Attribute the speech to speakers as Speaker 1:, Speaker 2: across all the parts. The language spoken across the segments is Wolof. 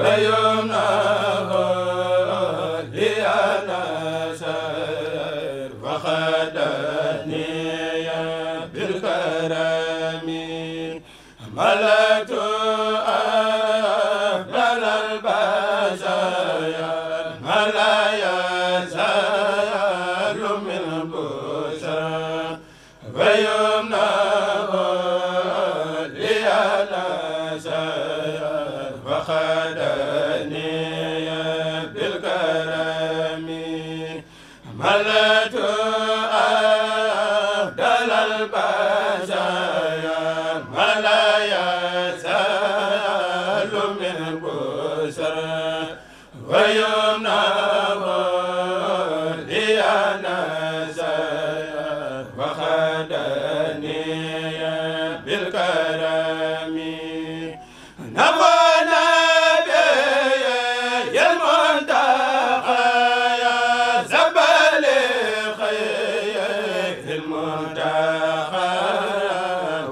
Speaker 1: ويمنعها لأنسى ويوم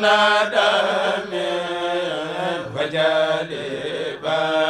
Speaker 1: naa daa mee wajale ba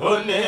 Speaker 1: هن